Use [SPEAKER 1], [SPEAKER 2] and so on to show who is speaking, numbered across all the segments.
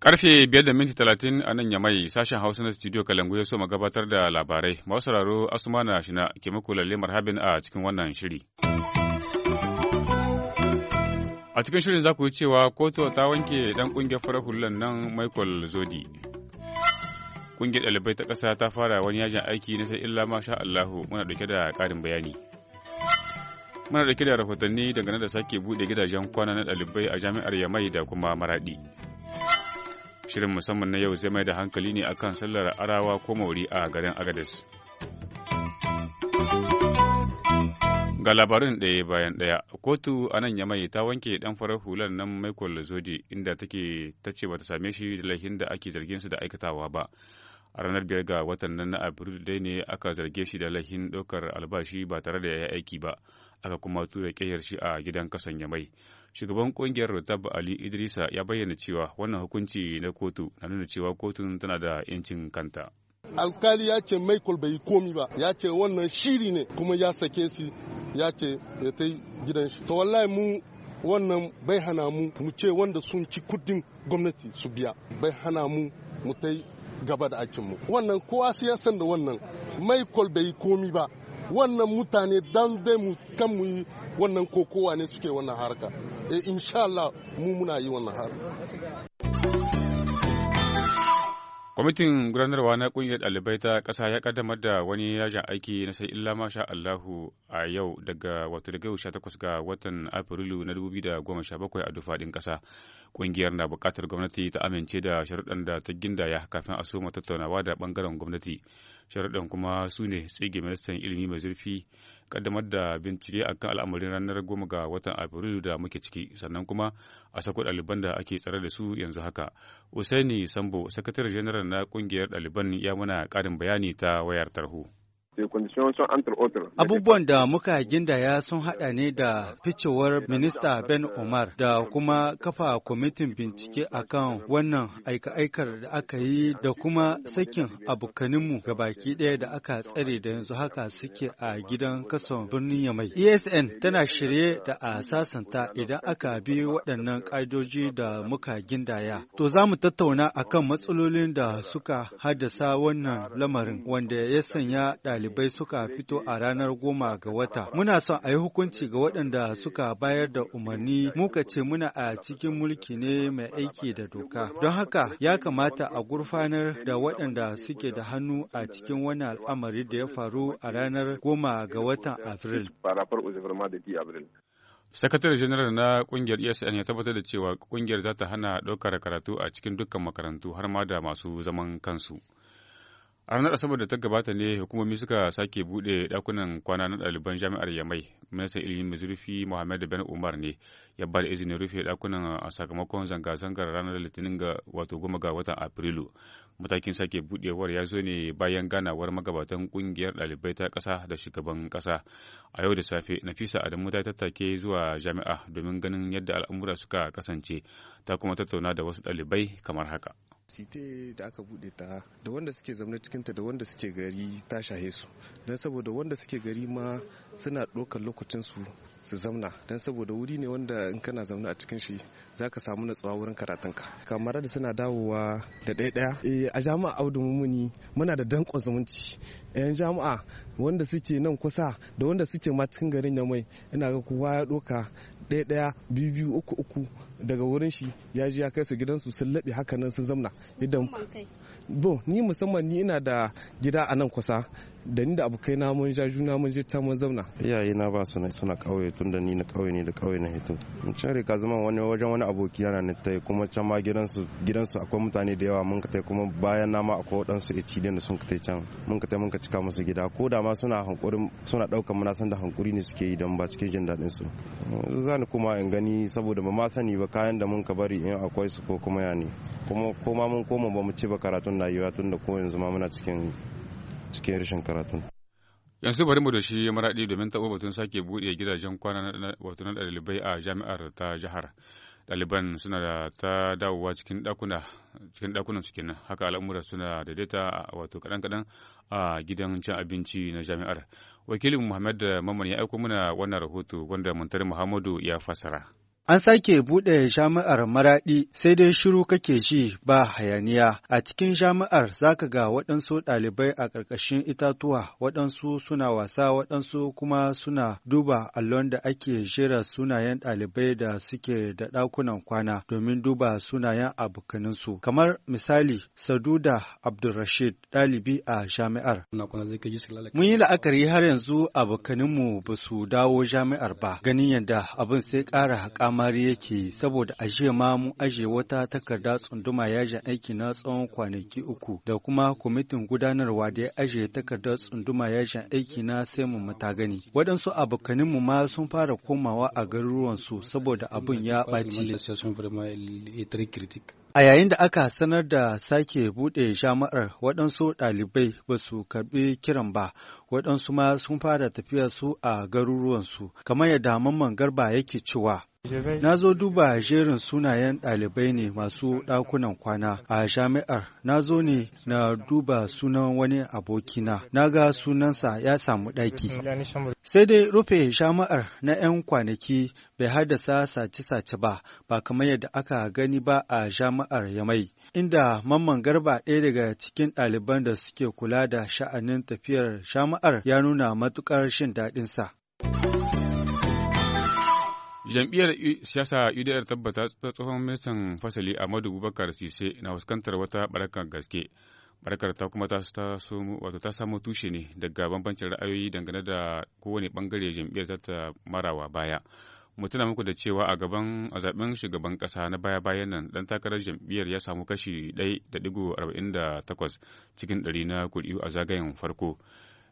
[SPEAKER 1] Karfe biyar da minti talatin a nan yamai sashen Hausa na studio Kalangu ya so ma gabatar da labarai. Masu sauraro Asumana Shina ke muku lalle marhabin a cikin wannan shiri. A cikin shirin za ku yi cewa kotu ta wanke dan kungiyar farar hulan nan Michael Zodi. Kungiyar ɗalibai ta ƙasa ta fara wani yajin aiki na sai illa masha Allahu muna ɗauke da ƙarin bayani. muna dauke da rahotanni dangane da sake bude gidajen kwana na dalibai a jami'ar yamai da kuma maradi shirin musamman na yau zai mai da hankali ne akan sallar arawa ko mauri a garin agadis. ga labarin ɗaya bayan ɗaya kotu a nan yamai ta wanke ɗan farar hular nan michael zodi inda take ta ce bata same shi da laifin da ake zargin su da aikatawa ba a ranar biyar ga watan nan na abril dai ne aka zarge shi da laifin ɗaukar albashi ba tare da ya aiki ba aka kuma tura ƙeyar shi a gidan kasan yamai shugaban ƙungiyar rotab ali idrisa ya bayyana cewa wannan hukunci na kotu na nuna cewa kotun tana da 'yancin kanta
[SPEAKER 2] alkali ya ce michael bai komi ba ya ce wannan shiri ne kuma ya sake shi ya ce ya ta gidan shi to wallahi mu wannan bai hana mu mu ce wanda sun ci kudin gwamnati su biya bai hana mu mu ta gaba da aikinmu wannan kowa siyasan da wannan michael bai komi ba wannan mutane dan dai mu kan mu yi wannan kokowa ne suke wannan harka in eh, insha Allah mu muna yi wannan harka
[SPEAKER 1] Kwamitin gudanarwa na ƙungiyar ɗalibai ta ƙasa ya kaddamar da wani yajin aiki na sai illa masha Allahu a yau daga wato daga 18 ga watan Afrilu na 2017 a dufaɗin ƙasa. Ƙungiyar na buƙatar gwamnati ta amince da sharuɗan da ta gindaya kafin a soma tattaunawa da ɓangaren gwamnati. sharaɗin kuma su ne tsige ministan ilimi mai zurfi kaddamar da bincike akan al'amarin ranar goma ga watan afrilu da muke ciki sannan kuma a sako ɗaliban da ake tsare da su yanzu haka usaini sambo sakatare janar na ƙungiyar ɗaliban ya muna ƙarin bayani ta wayar tarho.
[SPEAKER 3] Abubuwan da muka gindaya sun hada ne da ficewar Minista Ben Omar da kuma kafa kwamitin bincike akan wannan aika-aikar da aka yi da kuma sakin abokaninmu baki ɗaya da aka tsare da yanzu haka suke a gidan kason birnin Yamai. ESN tana shirye da a sasanta idan aka bi waɗannan ƙa'idoji da muka gindaya. To za mu tattauna akan matsalolin da suka haddasa wannan lamarin wanda ya sanya ɗalibai ɗalibai suka fito a ranar goma ga wata. Muna son a yi hukunci ga waɗanda suka bayar da umarni muka ce muna a cikin mulki ne mai aiki da doka. Don haka ya kamata a gurfanar da waɗanda suke da hannu a cikin wani al'amari da ya faru a ranar goma
[SPEAKER 1] ga watan Afril. sakatare janar na kungiyar esn ya tabbatar da cewa kungiyar za ta hana ɗaukar karatu a cikin dukkan makarantu har ma da masu zaman kansu. a ranar asabar da ta gabata ne hukumomi suka sake bude dakunan kwana na ɗaliban jami'ar yamai ministan ilimin zurfi muhammad ben umar ne ya ba da izinin rufe dakunan a sakamakon zanga-zangar ranar litinin ga wato goma ga watan afrilu matakin sake buɗewar ya zo ne bayan ganawar magabatan kungiyar ɗalibai ta kasa da shugaban kasa a yau da safe nafisa adamu ta tattake zuwa jami'a domin ganin yadda al'amura suka kasance ta kuma tattauna da wasu ɗalibai kamar haka. site da aka bude
[SPEAKER 3] ta da wanda suke zaune cikinta da wanda suke gari ta shahe su don saboda wanda suke gari ma suna ɗaukar lokacin su su zamna don saboda wuri ne wanda in kana zaune a cikin shi za ka samu natsuwa wurin karatunka kamar da suna dawowa da ɗaya-ɗaya eh, a jami'a audu mumuni muna da danƙon zumunci yan jami'a wanda suke nan kusa da wanda suke ma cikin garin yamai ina ga kowa ya ɗoka ɗaya ɗaya biyu biyu uku uku daga wurin shi ya ji ya kai su gidansu sun laɓe haka nan sun zamna idan ni musamman ni ina da gida a nan kusa da ni da abokai na mun ja juna mun je ta mun zauna
[SPEAKER 2] iyaye na ba su suna kauye tun da ni na kauye ne da kauye na hito Mun can rika zama wani wajen wani aboki yana ne tai kuma can ma gidansu gidansu akwai mutane da yawa mun ka tai kuma bayan na ma akwai wadansu ici da sun ka tai can mun ka tai mun ka cika musu gida ko da ma suna hankurin suna daukar mu na san da hankuri ne suke yi don ba cikin jin dadin su zan kuma in gani saboda ba ma sani ba kayan da mun ka bari in akwai su ko kuma ya ne kuma ko ma mun koma ba mu ci ba karatun na yiwa tun da ko yanzu ma muna cikin cikin rashin karatun.
[SPEAKER 1] yanzu bari mu da shi maraɗi domin taɓo batun sake buɗe gidajen kwana wato na ɗalibai a jami'ar ta jihar ɗaliban suna da ta dawowa cikin ɗakuna cikin ɗakunan cikin kenan haka al'amura suna daidaita wato kaɗan kaɗan a gidan cin abinci na jami'ar wakilin muhammad mamman ya aiko mana wannan rahoto wanda muntari muhammadu ya fassara.
[SPEAKER 3] An sake buɗe jami'ar Maraɗi sai dai shiru kake ji ba hayaniya. A cikin jami'ar zaka ga waɗansu ɗalibai a ƙarƙashin itatuwa, waɗansu suna wasa, waɗansu kuma suna duba allon da ake jera sunayen ɗalibai da suke da ɗakunan kwana domin duba sunayen abokaninsu. Kamar misali, Saduda Abdulrashid, ɗalibi a jami'ar. Mun yi la'akari har yanzu abokaninmu ba su dawo jami'ar ba, ganin yadda abin sai ƙara haƙa kamari yake saboda a ma mun aje wata takarda tsunduma yajin aiki na tsawon kwanaki uku da kuma kwamitin gudanarwa da ya aje takardar tsunduma yajin aiki na sai mu mata gani. Waɗansu abokanin ma sun fara komawa a garuruwansu saboda abun ya ɓaci. A yayin da aka sanar da sake buɗe jama'ar waɗansu ɗalibai ba su karɓi kiran ba, waɗansu ma sun fara tafiya su a garuruwansu, kamar yadda mamman garba yake cewa Na zo duba jerin sunayen ɗalibai ne masu ɗakunan kwana a jami'ar. Na zo ne na duba sunan wani abokina. Na ga sunansa ya samu ɗaki. Sai dai rufe jami'ar na 'yan kwanaki bai haddasa sace-sace ba, ba kamar yadda aka gani ba a jami'ar Yamai. Inda Mamman Garba ɗaya daga cikin ɗaliban da suke kula da sha'anin tafiyar jami'ar ya nuna matuƙar shin daɗinsa.
[SPEAKER 1] Jam'iyyar siyasa UDR tabbata ta tsohon ministan fasali Ahmadu Bubakar Sise na fuskantar wata barakar gaske. Barakar ta kuma ta samo tushe ne daga bambancin ra'ayoyi dangane da kowane bangare jam'iyyar ta ta marawa baya. Mu tuna muku da cewa a gaban a zaben shugaban kasa na baya-bayan nan dan takarar jam'iyyar ya samu kashi 1.48 cikin 100 na kuri'u a zagayen farko.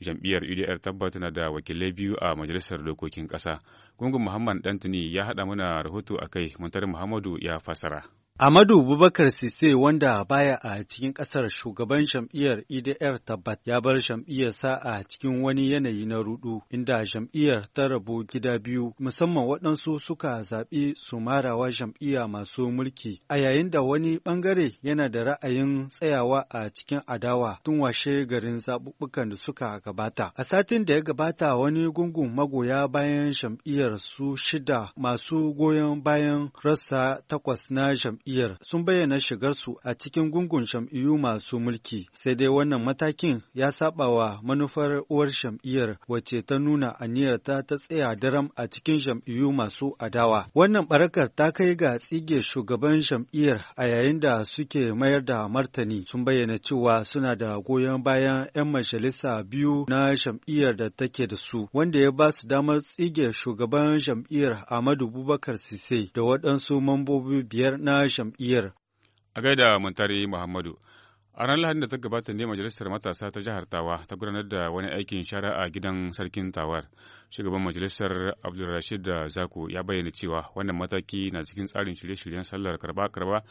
[SPEAKER 1] jam'iyyar udr e tabbata na da wakilai biyu a majalisar dokokin ƙasa gungun muhammad dantini ya haɗa mana rahoto a kai muntar muhammadu ya fasara
[SPEAKER 3] Amadu Bubakar Sise wanda baya a cikin ƙasar shugaban jam'iyyar EDR tabbat ya bar sa a cikin wani yanayi na rudu inda jam'iyyar ta rabu gida biyu musamman waɗansu suka zaɓi su marawa jam'iyya masu mulki a yayin da wani ɓangare yana da ra'ayin tsayawa a cikin adawa tun washe garin zaɓuɓɓukan da suka gabata. A satin da ya gabata wani gungun magoya bayan jam'iyyar su shida masu goyon bayan rassa takwas na jam'iyyar jam'iyyar sun bayyana shigarsu a cikin gungun jam'iyyu masu mulki, sai dai wannan matakin ya saba wa manufar uwar jam'iyyar wacce ta nuna aniyarta ta tsaya daram a cikin jam'iyyu masu adawa. Wannan barakar ta kai ga tsige shugaban jam'iyyar a yayin da suke mayar da martani sun bayyana cewa suna da goyon bayan 'yan majalisa biyu na jam'iyyar da take da su, wanda ya ba su damar tsige shugaban jam'iyyar Ahmadu Bubakar Sise da waɗansu mambobi biyar na jam'iyyar.
[SPEAKER 1] A gaida Muntari Muhammadu. A ranar Lahadin da ta gabata ne Majalisar Matasa ta Jihar Tawa ta gudanar da wani aikin shara a gidan Sarkin Tawar. Shugaban Majalisar Abdulrashid Zaku ya bayyana cewa wannan mataki na cikin tsarin shirye-shiryen sallar karba-karba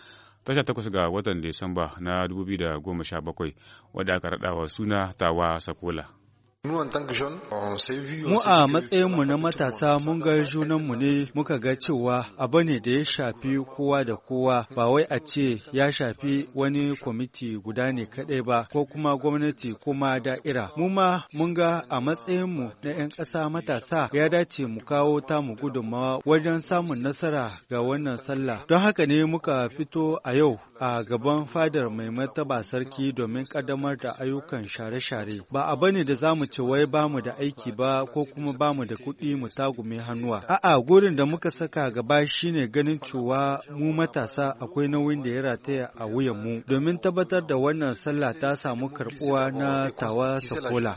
[SPEAKER 1] tasha takwas ga watan Disamba na 2017 wadda aka raɗawa suna Tawa Sakola. Uh, mu a
[SPEAKER 3] matsayinmu na matasa mun ga junanmu ne muka ga cewa abu ne da ya shafi kowa da kowa ba wai a ce ya shafi wani kwamiti guda ne kaɗai ba ko kuma gwamnati kuma da'ira. Mu ma mun ga a matsayinmu na 'yan ƙasa matasa ya dace mu kawo ta mu gudunmawa wajen samun nasara ga wannan sallah. Don haka ne muka fito a yau a gaban fadar mai martaba sarki domin ƙaddamar da ayyukan share-share. Ba abu da za mu ce wai ba mu da aiki ba ko kuma ba mu da kuɗi mu tagume hannuwa. A'a gurin da muka saka gaba shine ganin cewa mu matasa akwai nauyin da ya rataya a wuyan mu domin tabbatar da wannan sallah ta samu karɓuwa na tawa sakola.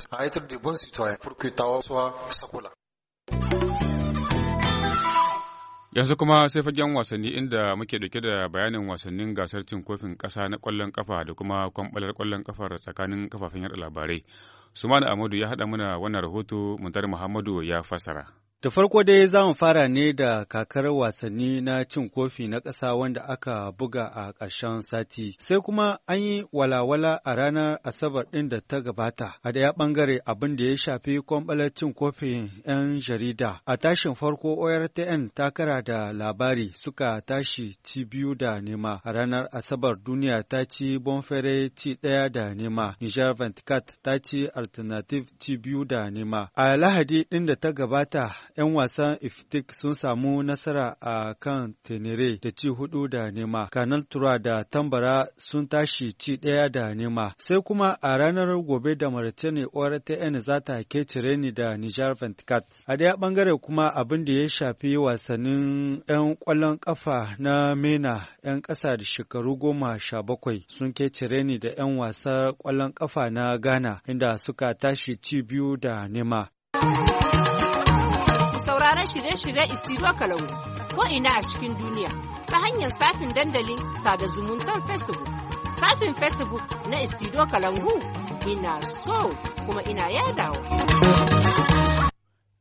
[SPEAKER 1] Yanzu kuma sai fagen wasanni inda muke dauke da bayanin wasannin gasar cin kofin ƙasa na ƙwallon ƙafa da kuma kwamɓalar ƙwallon ƙafar tsakanin kafafen yaɗa labarai. Sumana Amadu ya haɗa muna wannan rahoto Muntar Muhammadu ya fasara.
[SPEAKER 3] Da farko dai za mu fara ne da kakar wasanni na cin kofi na ƙasa wanda aka buga a ƙarshen sati, sai kuma an yi walawala a ranar Asabar ɗin da ta gabata, a daya ɓangare abin da ya shafi kwamɓalar cin kofin 'yan jarida. A tashin farko ORTN ta kara da labari suka tashi ci biyu da nema, a ranar Asabar duniya ta ci Bonfere ci ɗaya da nema, Niger ta ci Alternative ci biyu da nema. A Lahadi ɗin da ta gabata 'yan wasan iftik sun samu nasara a kan tenere da ci hudu da nema kanan tura da tambara sun tashi ci ɗaya da nema sai kuma a ranar gobe da ne ortn za ta cire ni da nijar venticat a daya bangare kuma abin da ya shafi wasannin 'yan kwallon kafa na mena 'yan ƙasa da shekaru goma sha bakwai sun ke cire ni da 'yan wasa kwallon kafa na ghana inda suka tashi ci biyu da nema
[SPEAKER 2] sauran shirye-shirye isiro kalau ko ina a cikin duniya ta hanyar safin dandalin sada zumuntar facebook safin facebook na
[SPEAKER 3] isiro kalangu ina so kuma ina yadawa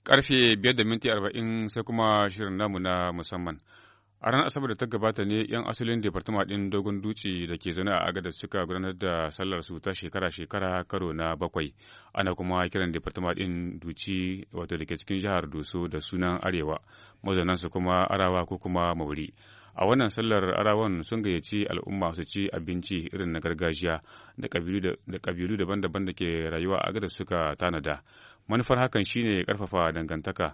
[SPEAKER 1] karfe biyar da minti arba'in sai kuma shirin namu na musamman A ranar Asabar da ta gabata ne 'yan asalin Departama ɗin Dogon Dutse da ke zaune a agada suka gudanar da sallar su ta shekara-shekara karo na bakwai. Ana kuma kiran Departama ɗin Duci wato da ke cikin jihar Doso da sunan Arewa, mazaunan su kuma Arawa ko kuma Mauri. A wannan sallar Arawan sun gayyaci al'umma su ci abinci irin na gargajiya da ƙabilu daban-daban da ke rayuwa a agada suka tanada. Manufar hakan shine karfafa dangantaka.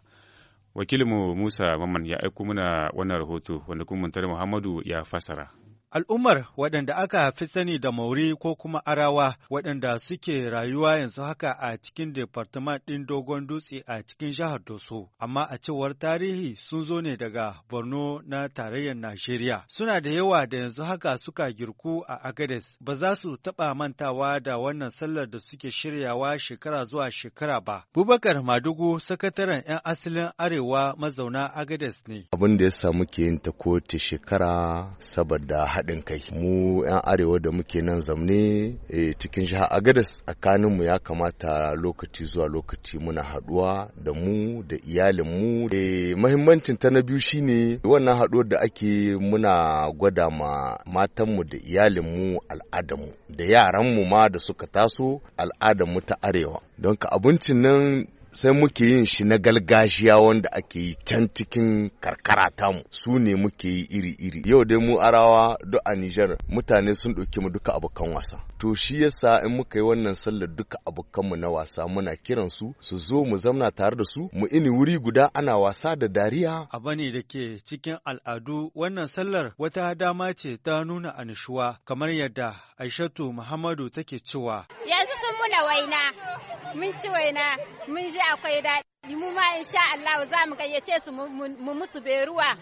[SPEAKER 1] wakilinmu musa mamman ya aiko mana wannan rahoto wanda kuma muhammadu ya fasara
[SPEAKER 3] Al'ummar waɗanda aka fi sani da Mauri ko kuma Arawa waɗanda suke rayuwa yanzu haka a cikin Departement ɗin Dogon Dutse a cikin jihar Doso, amma a cewar tarihi sun zo ne daga Borno na tarayyar Najeriya. Suna da yawa da yanzu haka suka girku a Agades, ba za su taɓa mantawa da wannan sallar da suke shiryawa shekara zuwa shekara ba. Bubakar Madugu, sakataren 'yan asalin Arewa mazauna Agades ne.
[SPEAKER 2] Abin da ya samu ke yin ta shekara saboda haɗin kai mu 'yan arewa da muke nan zamne eh, cikin jiha agadas tsakaninmu ya kamata lokaci zuwa lokaci muna haɗuwa da mu da iyalinmu eh, mahimmancin ta na biyu shine wannan haɗuwar da ake muna gwada ma matanmu da iyalinmu al'adamu da yaranmu ma da suka taso al'adarmu ta arewa don ka abincin nan sai muke yin shi na galgashiya wanda ake yi can cikin karkara tamu su ne muke yi iri-iri yau dai mu arawa duk a Nijar mutane sun ɗauki mu duka abokan wasa to shi yasa in muka yi wannan sallar duka abokanmu na wasa muna kiran su su zo mu zamna tare da su mu ini wuri guda ana wasa da dariya
[SPEAKER 3] abu ne da ke cikin al'adu wannan sallar wata dama ce ta nuna anishuwa kamar yadda Aishatu Muhammadu take cewa yanzu sun muna waina mun ci waina mun ji akwai daɗi mu ma insha Allah za mu gayyace su mu musu beruwa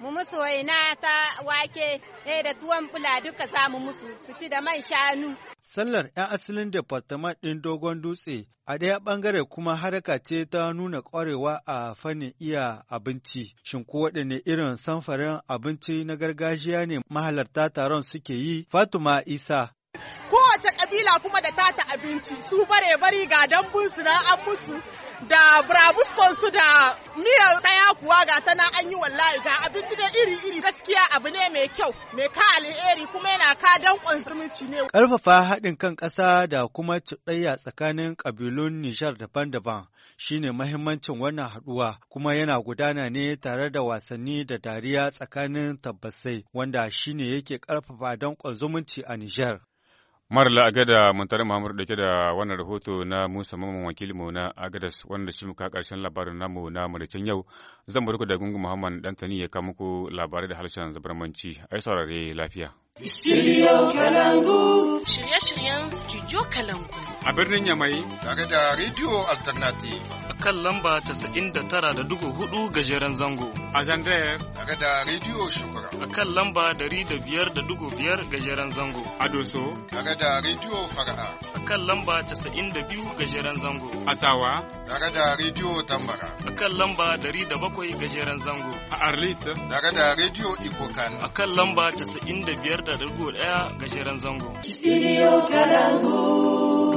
[SPEAKER 3] mu musu waina ta wake Eh da tuwon bula duka za mu musu su ci da man shanu. Sallar 'yan asalin departament ɗin dogon dutse a ɗaya ɓangare kuma haraka ce ta nuna ƙwarewa a fannin iya abinci. Shin ko waɗanne irin samfarin abinci na gargajiya ne mahalarta taron suke yi? Fatuma Isa kowace kabila kuma da tata abinci su bare bari ga dambun su na an musu da brabuskon su da miyar daya kuwa ga tana an yi wallahi ga abinci da iri iri gaskiya abu ne mai kyau mai ka alheri kuma yana ka dankon zumunci ne karfafa haɗin kan ƙasa da kuma cuɗayya tsakanin ƙabilun Nijar daban-daban shine mahimmancin wannan haɗuwa kuma yana gudana ne tare da wasanni da dariya tsakanin tabbasai wanda shine yake ƙarfafa dankon zumunci a Nijar
[SPEAKER 1] Mara la'agada muntar Muntari Muhammadu dauke da wannan rahoto na Musa Mamman wakilinmu na Agadas wanda shi muka karshen labarin namu na Maricin yau zan barku da Gungun Muhammad Dantani ya kama muku labarai da harshen zabarmanci. Ai saurare lafiya.
[SPEAKER 3] Studio Kalangu. Shirye-shiryen Studio Kalangu.
[SPEAKER 1] a birnin Yamai. Tare da Radio Alternative. A kan lamba
[SPEAKER 3] tara da dugu hudu gajeren zango.
[SPEAKER 1] A Zandayar. Tare da Radio Shukura. A kan lamba dari da biyar da dugu biyar gajeren zango. A Doso. Tare da Radio Fara'a. A kan lamba 92 biyu gajeren zango. A Tawa.
[SPEAKER 3] Tare da Radio
[SPEAKER 2] Tambara. A kan lamba dari da bakwai gajeren zango. A Arlit. Tare da Radio Ikokan. A kan lamba 95.1 biyar
[SPEAKER 3] da dugu ɗaya gajeren zango. Studio Kalangu.